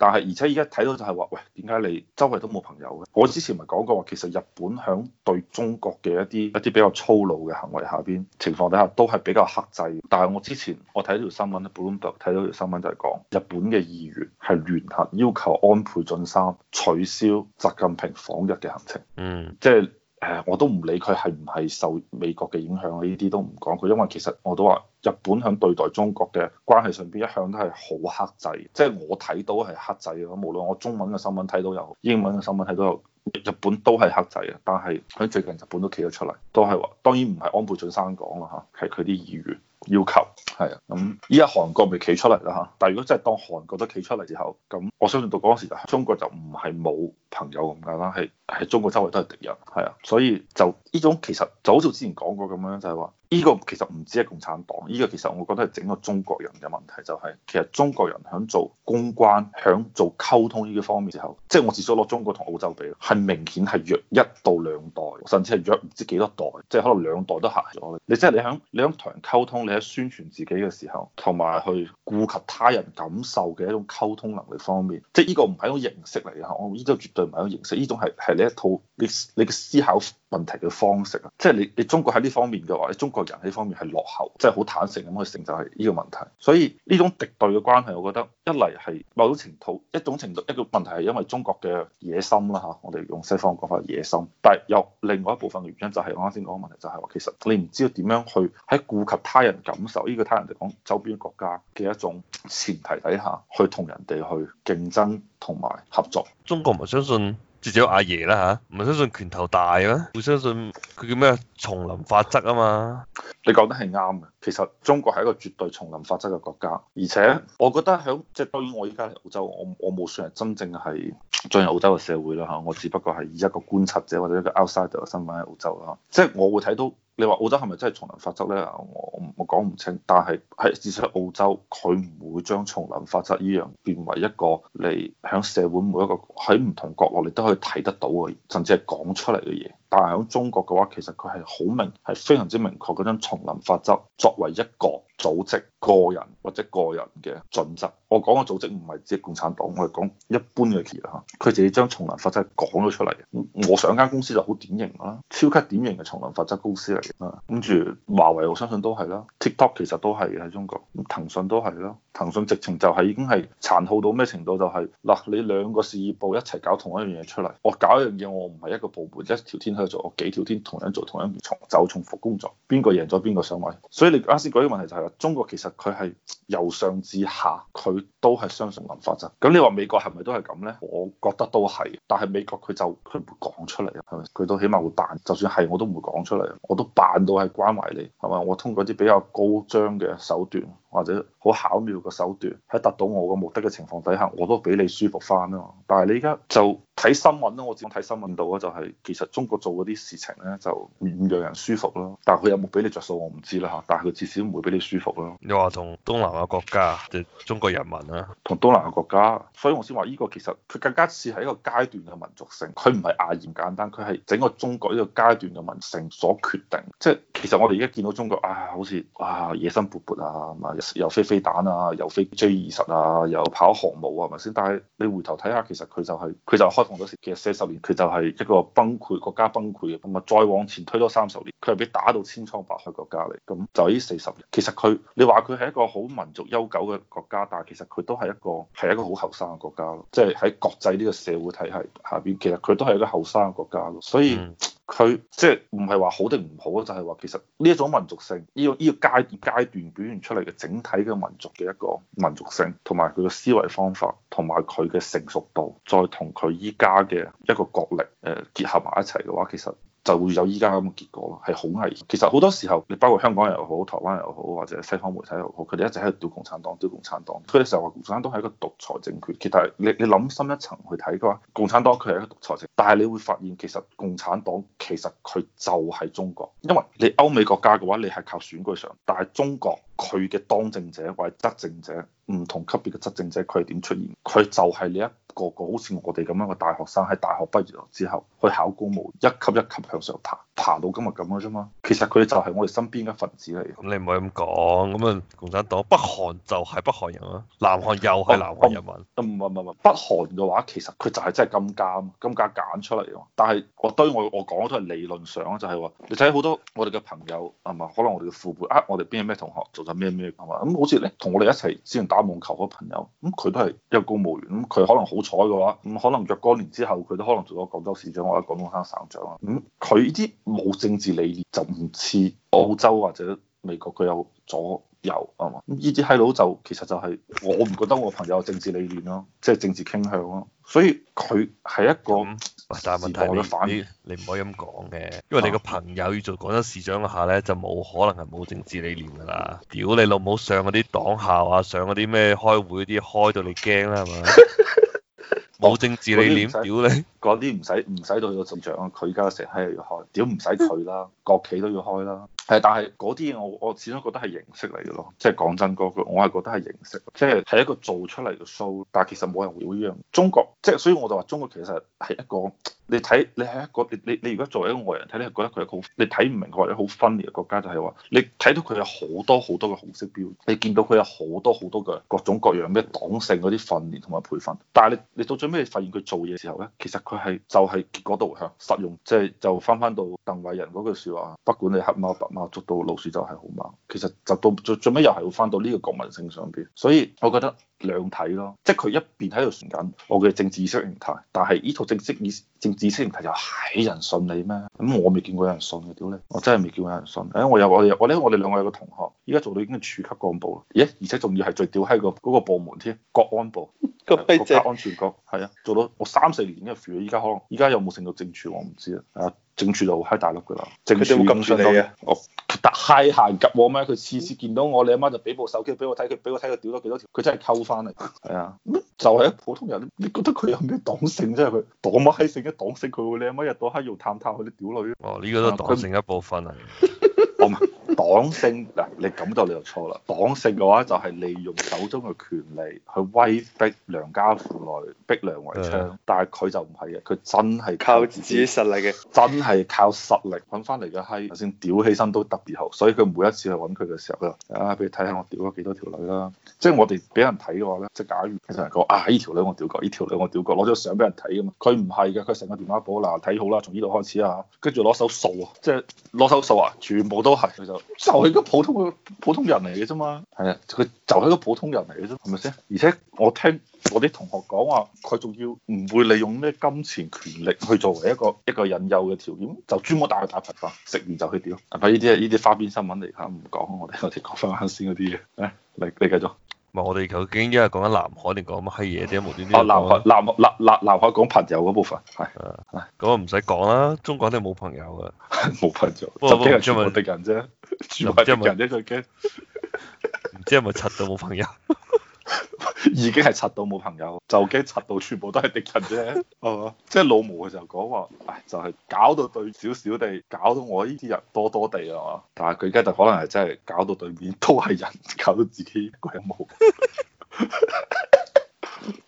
但係，而且而家睇到就係話，喂，點解你周圍都冇朋友嘅？我之前咪講過話，其實日本響對中國嘅一啲一啲比較粗魯嘅行為下邊情況底下，都係比較克制。但係我之前我睇到條新聞咧，報道睇到條新聞就係講日本嘅議員係聯合要求安倍晉三取消習近平訪日嘅行程。嗯、mm。即係。誒，我都唔理佢係唔係受美國嘅影響啊！呢啲都唔講佢，因為其實我都話日本喺對待中國嘅關係上邊一向都係好克制，即係我睇到係克制嘅咯。無論我中文嘅新聞睇到有，英文嘅新聞睇到有，日本都係克制嘅。但係喺最近日本都企咗出嚟，都係話當然唔係安倍晉三講啦嚇，係佢啲議員要求係啊。咁依家韓國未企出嚟啦嚇，但係如果真係當韓國都企出嚟之後，咁我相信到嗰時就中國就唔係冇朋友咁簡單，係。喺中國周圍都係敵人，係啊，所以就呢種其實就好似之前講過咁樣，就係話呢個其實唔止係共產黨，呢個其實我覺得係整個中國人嘅問題，就係其實中國人響做公關、響做溝通呢個方面之後，即係我至少攞中國同澳洲比，係明顯係弱一到兩代，甚至係弱唔知幾多代，即係可能兩代都蝦咗。你即係你響你響同人溝通，你喺宣傳自己嘅時候，同埋去顧及他人感受嘅一種溝通能力方面，即係呢個唔係一種形式嚟㗎，我呢個絕對唔係一種形式，呢種係係。一套你你嘅思考問題嘅方式啊，即係你你中國喺呢方面嘅話，你中國人喺呢方面係落後，即係好坦誠咁去承就係呢個問題。所以呢種敵對嘅關係，我覺得一嚟係某種程度一種程度一個問題係因為中國嘅野心啦嚇，我哋用西方講法野心。但係有另外一部分嘅原因就係我啱先講嘅問題，就係話其實你唔知道點樣去喺顧及他人感受呢、呢個他人就講周邊國家嘅一種前提底下，去同人哋去競爭同埋合作。中國唔係相信。直接阿爺啦嚇，唔係、啊、相信拳頭大啊，會相信佢叫咩叢林法則啊嘛？你講得係啱嘅，其實中國係一個絕對叢林法則嘅國家，而且我覺得響即係當然，就是、對我依家喺澳洲，我我冇算係真正係進入澳洲嘅社會啦嚇、啊，我只不過係以一個觀察者或者一個 outsider 嘅身份喺澳洲啦，即、啊、係、就是、我會睇到。你話澳洲係咪真係叢林法則呢？我我講唔清，但係係至少喺澳洲佢唔會將叢林法則依樣變為一個你響社會每一個喺唔同角落你都可以睇得到嘅，甚至係講出嚟嘅嘢。但係喺中國嘅話，其實佢係好明，係非常之明確嗰張叢林法則，作為一個組織、個人或者個人嘅準則。我講嘅組織唔係指共產黨，我係講一般嘅企業嚇，佢自己將叢林法則講咗出嚟。我上間公司就好典型啦，超級典型嘅叢林法則公司嚟嘅，跟住華為我相信都係啦，TikTok 其實都係喺中國，騰訊都係啦。騰訊直情就係已經係殘酷到咩程度？就係、是、嗱，你兩個事業部一齊搞同一樣嘢出嚟，我搞一樣嘢，我唔係一個部門一條天去做，我幾條天同樣做同一樣重就重複工作，邊個贏咗邊個上位。所以你啱先講嘅問題就係、是、話，中國其實佢係由上至下，佢都係相信林法則。咁你話美國係咪都係咁呢？我覺得都係，但係美國佢就佢唔會講出嚟，係咪？佢都起碼會扮，就算係我都唔會講出嚟，我都扮到係關懷你，係嘛？我通過啲比較高章嘅手段。或者好巧妙嘅手段，喺達到我嘅目的嘅情況底下，我都畀你舒服返咯。但係你而家就。睇新聞咯，我只講睇新聞度咧就係、是、其實中國做嗰啲事情咧就唔讓人舒服咯，但係佢有冇俾你着數我唔知啦嚇，但係佢至少唔會俾你舒服咯。你話同東南亞國家、中國人民啊，同東南亞國家，所以我先話呢個其實佢更加似係一個階段嘅民族性，佢唔係亞熱簡單，佢係整個中國呢個階段嘅民情所決定。即係其實我哋而家見到中國啊，好似啊野心勃勃啊，咁啊又飛飛彈啊，又飛 J 二十啊，啊，又跑航母啊，係咪先？但係你回頭睇下，其實佢就係、是、佢就，是、就開。講其實四十年，佢就係一個崩潰，國家崩潰嘅。咁啊，再往前推多三十年，佢係被打到千瘡百孔國家嚟。咁就呢四十年，其實佢你話佢係一個好民族悠久嘅國家，但係其實佢都係一個係一個好後生嘅國家咯。即係喺國際呢個社會體系下邊，其實佢都係一個後生嘅國家咯。所以。嗯佢即係唔係話好定唔好，就係話其實呢一種民族性，呢個呢個階段階段表現出嚟嘅整體嘅民族嘅一個民族性，同埋佢嘅思維方法，同埋佢嘅成熟度，再同佢依家嘅一個國力誒結合埋一齊嘅話，其實。就會有依家咁嘅結果咯，係好危險。其實好多時候，你包括香港人又好，台灣又好，或者西方媒體又好，佢哋一直喺度屌共產黨，屌共產黨。佢哋成日話共產黨係一個獨裁政權，其實你你諗深一層去睇嘅話，共產黨佢係一個獨裁政權，但係你會發現其實共產黨其實佢就係中國，因為你歐美國家嘅話你係靠選舉上，但係中國佢嘅當政者或執政者唔同級別嘅執政者佢係點出現？佢就係呢一。個個好似我哋咁樣嘅大學生，喺大學畢業之後去考公務，一級一級向上爬。爬到今日咁嘅啫嘛，其實佢哋就係我哋身邊嘅分子嚟、嗯。你唔可以咁講，咁啊共產黨北韓就係北韓人啊，南韓又係南韓人啊。唔唔唔，北韓嘅話其實佢就係、是、真係金家，金家揀出嚟，但係我對我我講嘅都係理論上就係話你睇好多我哋嘅朋友啊嘛，可能我哋嘅父輩啊，我哋邊係咩同學做咗咩咩係嘛，咁，好似咧同我哋一齊之前打網球嗰個朋友，咁、嗯、佢都係一個公務員，咁、嗯、佢可能好彩嘅話，咁、嗯、可能若干年之後佢都可能做咗廣州市長或者廣東省省長啊。咁佢啲冇政治理念，就唔似澳洲或者美國佢有左右係嘛？呢啲閪佬就其實就係、是、我唔覺得我朋友政治理念咯，即、就、係、是、政治傾向咯。所以佢係一個，但係問題你反，你唔可以咁講嘅，因為你個朋友要做廣州市長嘅下咧，就冇可能係冇政治理念㗎啦。屌你老母，上嗰啲黨校啊，上嗰啲咩開會啲開到你驚啦係嘛？ 冇政治理念，屌你！嗰啲唔使唔使到現場啊！佢而家成日喺度要開，屌唔使佢啦，國 企都要開啦。係，但係嗰啲嘢我我始終覺得係形式嚟嘅咯，即係講真嗰句，佢我係覺得係形式，即係係一個做出嚟嘅 show，但係其實冇人會呢樣。中國即係所以我就話中國其實係一個你睇你係一個你你如果作為一個外人睇你咧，覺得佢係好你睇唔明或者好分裂嘅國家，就是，就係話你睇到佢有好多好多嘅紅色標，你見到佢有好多好多嘅各種各樣嘅黨性嗰啲訓練同埋培訓，但係你你到最尾你發現佢做嘢時候咧，其實佢係就係、是、結果導向、實用，即係就翻、是、翻到鄧偉人嗰句説話，不管你黑貓白貓。啊！捉到老鼠就係好猛，其實就到最最尾又係會翻到呢個國民性上邊，所以我覺得兩睇咯，即係佢一邊喺度宣緊我嘅政治意識形態，但係呢套政治意識政治意識形態又係人信你咩？咁、嗯、我未見過有人信嘅屌你，我真係未見過有人信。誒，我有我我咧，我哋兩個有個同學，依家做到已經處級幹部啦。而且仲要係最屌閪個嗰部門添，國安部，國家安全局，係啊，做到我三四年已經係副，依家可能依家有冇升到正處我唔知啦。整住就喺大陸㗎喇，佢哋會夾住你啊！我太閒夾我咩？佢次次見到我，你阿媽，媽就俾部手機俾我睇，佢俾我睇佢屌咗幾多條，佢真係溝翻嚟，係啊！咩就係一普通人，你覺得佢有咩黨性啫？佢黨乜閪性一黨，這個、黨性佢會你阿媽日到閪又探探佢啲屌女。哦，呢個都黨性一部分啊。 哦 黨性嗱，你感到你就錯啦。黨性嘅話就係利用手中嘅權力去威逼良家婦女，逼良為娼。的但係佢就唔係嘅，佢真係靠，靠自己實力嘅，真係靠實力揾翻嚟嘅閪。頭先屌起身都特別好，所以佢每一次去揾佢嘅時候咧，啊俾你睇下我屌咗幾多條女啦，啊。即係我哋俾人睇嘅話咧，即係假如其實人講啊呢條女我屌過，呢條女我屌過，攞咗相俾人睇咁嘛。佢唔係嘅，佢成個電話簿嗱睇好啦，從呢度開始啊，跟住攞手數啊，即係攞手數啊，全部都係佢就。就係個普通嘅普通人嚟嘅啫嘛，係啊，佢就係個普通人嚟嘅啫，係咪先？而且我聽我啲同學講話，佢仲要唔會利用咩金錢權力去作為一個一個引誘嘅條件，就專門帶佢打牌飯，食完就去屌。唔，呢啲呢啲花邊新聞嚟吓，唔講，我哋我哋講翻啱先嗰啲嘢，誒，你你繼續。唔係我哋究竟一係講緊南海定講乜閪嘢啫，無端端南海、南、南、南、南海講朋友嗰部分係誒，咁啊唔使講啦，中國人都冇朋友噶，冇朋友，執機係住外邊人啫，住外邊 人啫最驚。唔、呃、知係咪柒到冇朋友、 嗯？嗯 已經係柒到冇朋友，就驚柒到全部都係敵人啫。哦，即係老毛佢就講話，唉、哎，就係、是、搞到對少少地，搞到我呢啲人多多地啊。但係佢而家就可能係真係搞到對面都係人，搞到自己一個人冇。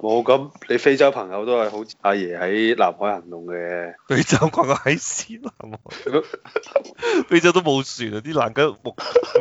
冇咁，你非洲朋友都係好似阿爺喺南海行動嘅。非洲講緊喺線啊！非洲都冇船啊，啲南極木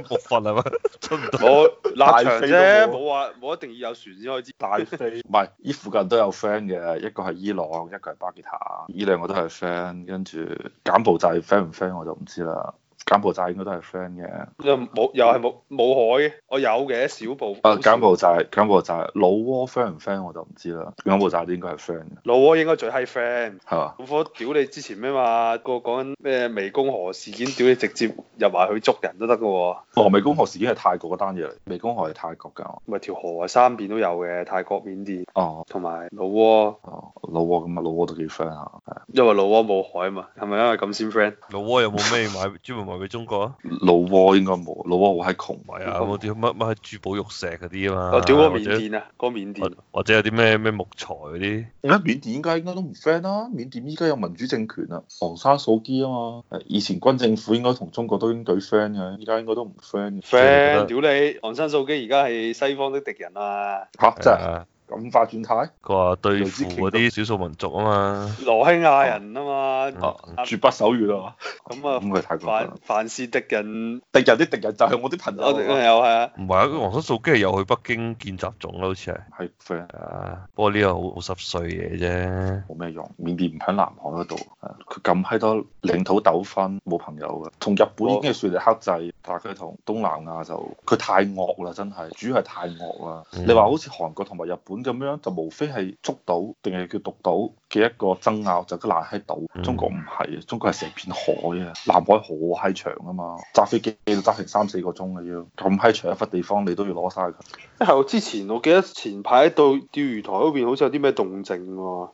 木筏係咪出唔到？ 我拉啫，冇話冇一定要有船先可以知。大飛唔係依附近都有 friend 嘅，一個係伊朗，一個係巴基斯坦，依兩個都係 friend。跟住柬埔寨 friend 唔 friend 我就唔知啦。柬埔寨應該都係 friend 嘅，又冇又係冇冇海，我有嘅小部。啊，柬埔寨，柬埔寨，埔寨老撾 friend 唔 friend 我就唔知啦。柬、嗯、埔寨應該係 friend 嘅。老撾應該最閪 friend 係嘛吧？老撾屌你之前咩話？個講緊咩湄公河事件，屌你直接入埋去捉人都得㗎喎。哦、啊，湄公河事件係泰國嗰單嘢嚟。湄公河係泰國㗎。咪、嗯、條河係三邊都有嘅，泰國、緬甸。哦、啊。同埋老撾。啊老撾咁啊，老撾都幾 friend 嚇，因為老撾冇海啊嘛，係咪因為咁先 friend？老撾有冇咩賣專門賣俾中國啊？老撾應該冇，老撾好係窮賣啊，嗰啲乜乜珠寶玉石嗰啲啊嘛。屌個、哦、緬甸啊，個者緬甸或，或者有啲咩咩木材嗰啲。應該應該啊，緬甸依家應該都唔 friend 啦、啊，緬甸依家有民主政權啦、啊，昂山素姬啊嘛，以前軍政府應該同中國都應該對 friend 嘅、啊，依家應該都唔 friend、啊。friend，屌你，昂山素姬而家係西方的敵人啊！嚇的，真係啊！咁化轉態，佢話對付嗰啲少數民族啊嘛，羅興亞人啊嘛，絕不手軟啊，咁啊，凡凡視敵人，敵人啲敵人就係我啲朋友，朋友係啊，唔係啊，昂山素姬係又去北京見習總啦，好似係，係 friend 啊，不過呢個好好濕碎嘢啫，冇咩用，緬甸唔響南海嗰度，佢咁喺多領土糾紛，冇朋友嘅，同日本已經係樹敵剋制，但係佢同東南亞就佢太惡啦，真係，主要係太惡啦，你話好似韓國同埋日本。咁樣就無非係捉到，定係叫奪島嘅一個爭拗，就咁難喺島中。中國唔係啊，中國係成片海啊，南海好閪長啊嘛，揸飛機都揸成三四個鐘嘅，要咁閪長一忽地方，你都要攞晒佢。係我之前我記得前排到釣魚台嗰邊，好似有啲咩動靜喎。